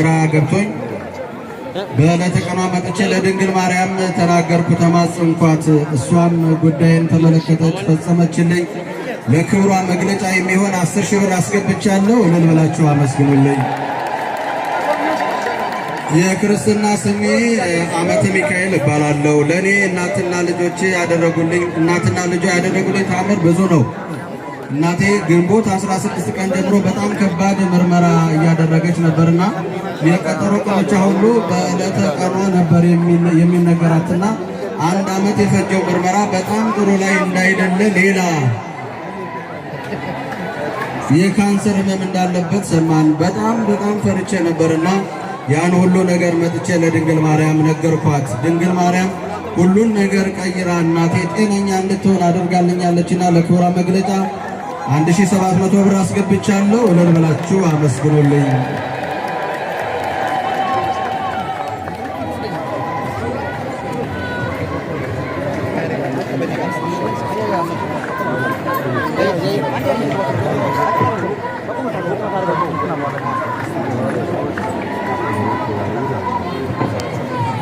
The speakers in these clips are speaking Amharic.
ግራ ገብቶኝ በዕለተ ቀኗ መጥቼ ለድንግል ማርያም ተናገርኩ፣ ተማጽንኳት። እሷም ጉዳይን ተመለከተች፣ ፈጸመችልኝ። ለክብሯ መግለጫ የሚሆን አስር ሺህ ብር አስገብቻለሁ። እልል ብላችሁ አመስግኑልኝ። የክርስትና ስሜ አመተ ሚካኤል እባላለሁ። ለእኔ እናትና ልጆች ያደረጉልኝ እናትና ልጆ ያደረጉልኝ ታምር ብዙ ነው። እናቴ ግንቦት 16 ቀን ጀምሮ በጣም ከባድ ምርመራ እያደረገች ነበርና የቀጠሮ እቃዎቿ ሁሉ በዕለተ ቀሮ ነበር የሚነገራትና አንድ ዓመት የፈጀው ምርመራ በጣም ጥሩ ላይ እንዳይደለ ሌላ የካንሰር ህመም እንዳለበት ሰማን። በጣም በጣም ፈርቼ ነበርና ያን ሁሉ ነገር መጥቼ ለድንግል ማርያም ነገርኳት። ድንግል ማርያም ሁሉን ነገር ቀይራ እናቴ ጤነኛ እንድትሆን አድርጋልኛለችና ለክብሯ መግለጫ 1700 ብር አስገብቻለሁ። እልል ብላችሁ አመስግኑልኝ።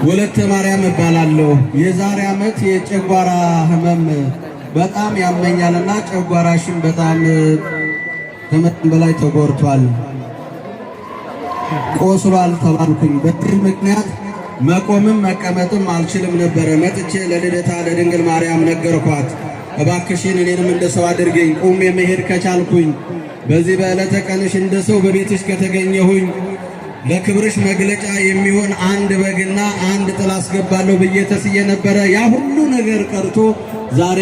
ወለተ ማርያም እባላለሁ። የዛሬ ዓመት የጨጓራ ህመም በጣም ያመኛልና ጨጓራሽን በጣም ከመጠን በላይ ተጎርቷል፣ ቆስሏል ተባልኩኝ። በድር ምክንያት መቆምም መቀመጥም አልችልም ነበረ። መጥቼ ለልደታ ለድንግል ማርያም ነገርኳት። እባክሽን እኔንም እንደ ሰው አድርገኝ፣ ቁሜ መሄድ ከቻልኩኝ፣ በዚህ በዕለተ ቀንሽ እንደ ሰው በቤትሽ ከተገኘሁኝ ለክብርሽ መግለጫ የሚሆን አንድ በግና አንድ ጥላ አስገባለሁ ብዬ ተስዬ ነበረ። ያ ሁሉ ነገር ቀርቶ ዛሬ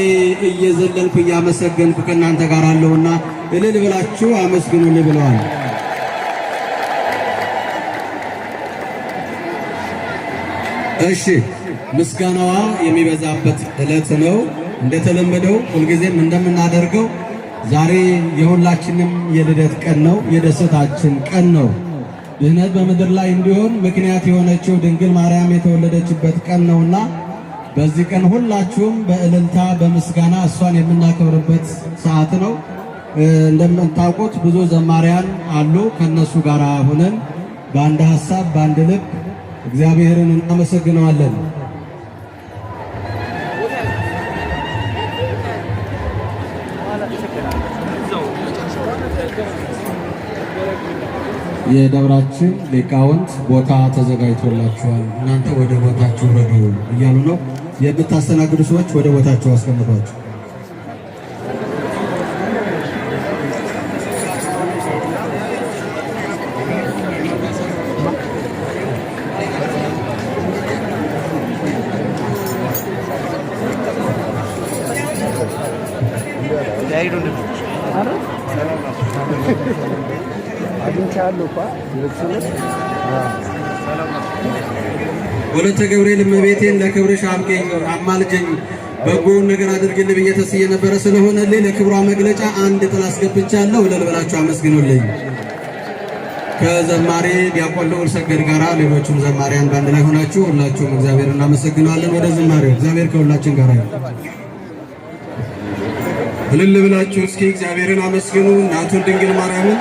እየዘለልኩ እያመሰገንኩ ከእናንተ ጋር አለሁና እልል ብላችሁ አመስግኑልኝ ብለዋል። እሺ ምስጋናዋ የሚበዛበት ዕለት ነው። እንደተለመደው ሁልጊዜም እንደምናደርገው ዛሬ የሁላችንም የልደት ቀን ነው፣ የደስታችን ቀን ነው። ድህነት በምድር ላይ እንዲሆን ምክንያት የሆነችው ድንግል ማርያም የተወለደችበት ቀን ነውና በዚህ ቀን ሁላችሁም በእልልታ በምስጋና እሷን የምናከብርበት ሰዓት ነው። እንደምታውቁት ብዙ ዘማሪያን አሉ። ከነሱ ጋር ሆነን በአንድ ሀሳብ በአንድ ልብ እግዚአብሔርን እናመሰግነዋለን። የደብራችን ሊቃውንት ቦታ ተዘጋጅቶላችኋል፣ እናንተ ወደ ቦታችሁ ረዱ እያሉ ነው። የምታስተናግዱ ሰዎች ወደ ቦታችሁ አስቀምጧቸው። ወለተ ገብርኤል እመቤቴን ለክብርሽ አብቀኝ አማልጀኝ በጎውን ነገር አድርግልኝ ብዬ ተስዬ ነበረ። ስለሆነልኝ ለክብሯ መግለጫ አንድ ጥላ አስገብቻለሁ። ለልበላችሁ አመስግኑልኝ። ከዘማሪ ዲያቆን ልዑል ሰገድ ጋራ ሌሎችም ዘማሪያን በአንድ ላይ ሆናችሁ ሁላችሁም እግዚአብሔር እናመሰግናለን። ወደ ዝማሬው እግዚአብሔር ከሁላችን ጋር ይሁን። እልል ብላችሁ እስኪ እግዚአብሔርን አመስግኑ እናቱን ድንግል ማርያምን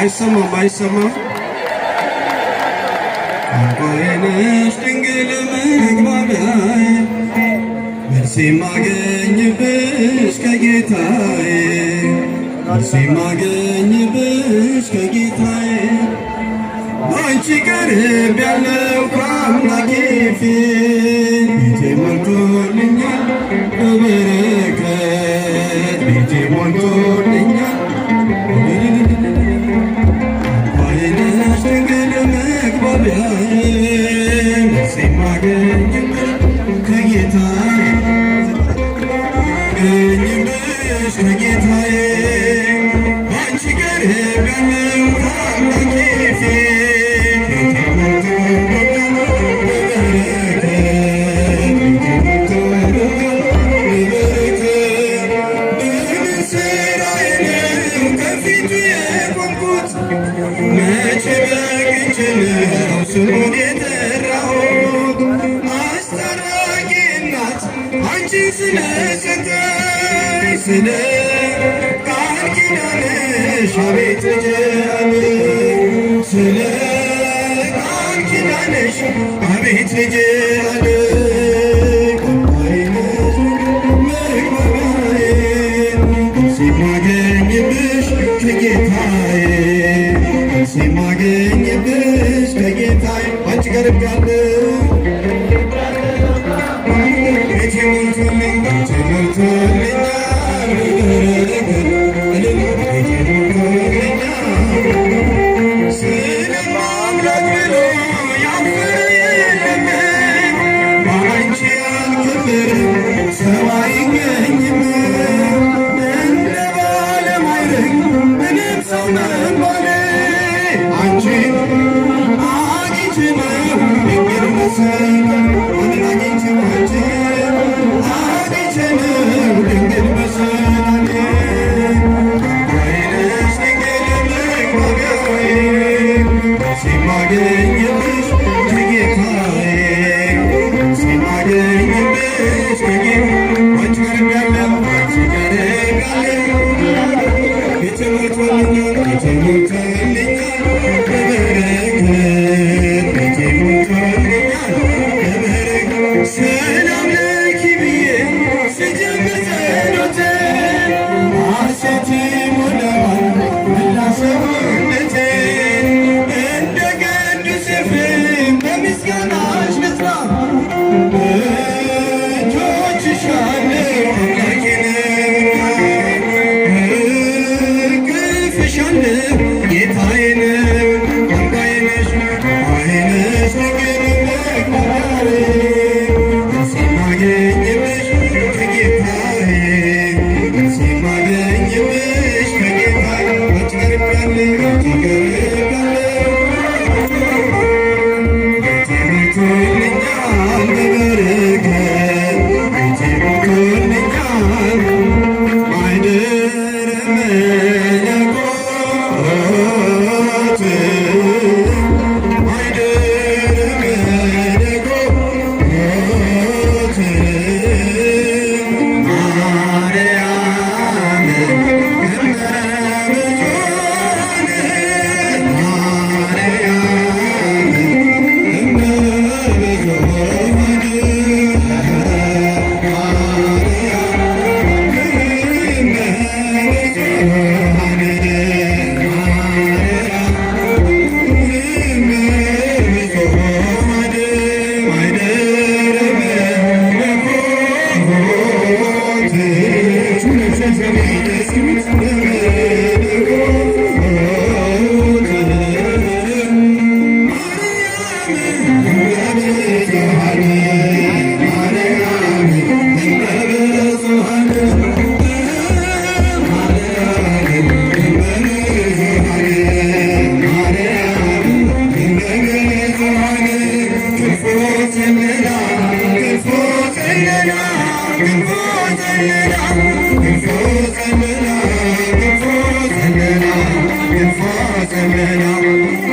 አይሰማም አይሰማም እንኳንሽ ድንግል ምግባቢያዬ መርሴ ማገኝብሽ ከጌታዬ መርሴ ማገኝብሽ ከጌታዬ አንቺ ቀርብ ያለው ከአምላኬ ፊት ቤቴ ሞልቶልኛል በበረከት ቤቴ ሞልቶልኛል ስሙን የጠራሁት አስታራቂ እናት አንቺ ስለሰጠኝ ስለ ቃል ኪዳንሽ አቤት ልጄ ስለ ቃል ኪዳንሽ አቤት ልጄ ሲማገኝብሽ ከጌታዬ ሲማገኝብሽ ከጌታዬ get it, Gandhi. me. Good ጨለላ